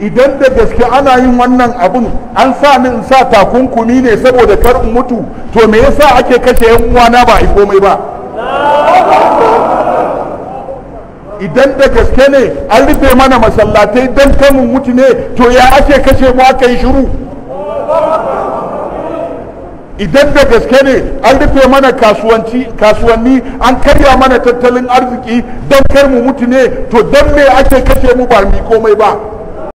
idan da gaske ana yin wannan abun an sa ni in sa takunkumi ne saboda kar in mutu to me yasa ake kashe yan uwana ba a yi komai ba idan da gaske ne an rufe mana masallatai don kamun mutu ne to ya ake kashe mu aka yi shiru idan da gaske ne an rufe mana kasuwanni an karya mana tattalin arziki don kar mu mutu ne to don me ake kashe mu ba mu komai ba